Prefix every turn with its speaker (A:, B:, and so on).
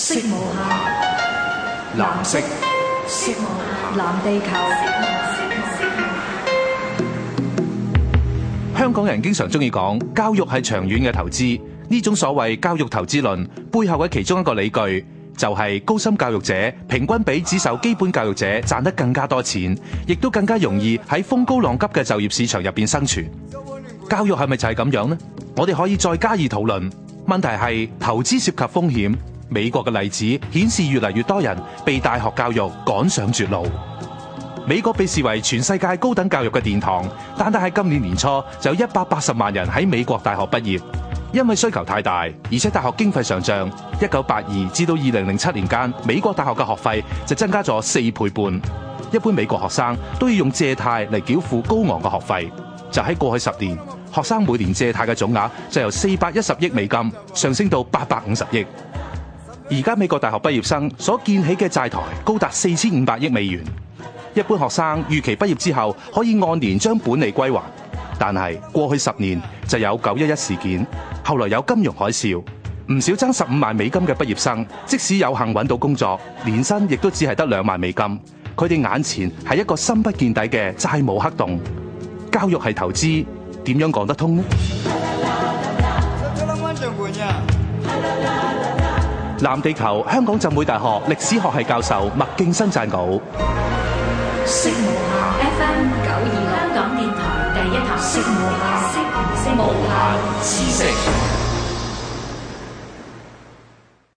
A: 色無限，藍色，母藍色，色無限，藍地球。香港人經常中意講教育係長遠嘅投資，呢種所謂教育投資論背後嘅其中一個理據就係、是、高深教育者平均比只受基本教育者賺得更加多錢，亦都更加容易喺風高浪急嘅就業市場入邊生存。教育係咪就係咁樣呢？我哋可以再加以討論。問題係投資涉及風險。美國嘅例子顯示，越嚟越多人被大學教育趕上絕路。美國被視為全世界高等教育嘅殿堂，單單喺今年年初就有一百八十萬人喺美國大學畢業。因為需求太大，而且大學經費上漲，一九八二至到二零零七年間，美國大學嘅學費就增加咗四倍半。一般美國學生都要用借貸嚟繳付高昂嘅學費。就喺過去十年，學生每年借貸嘅總額就由四百一十億美金上升到八百五十億。而家美國大學畢業生所建起嘅債台高達四千五百億美元。一般學生預期畢業之後可以按年將本利歸還，但係過去十年就有九一一事件，後來有金融海嘯，唔少爭十五萬美金嘅畢業生，即使有幸揾到工作，年薪亦都只係得兩萬美金。佢哋眼前係一個深不見底嘅債務黑洞。教育係投資，點樣講得通呢？藍地球香港浸會大學歷史學系教授麥勁生撰稿。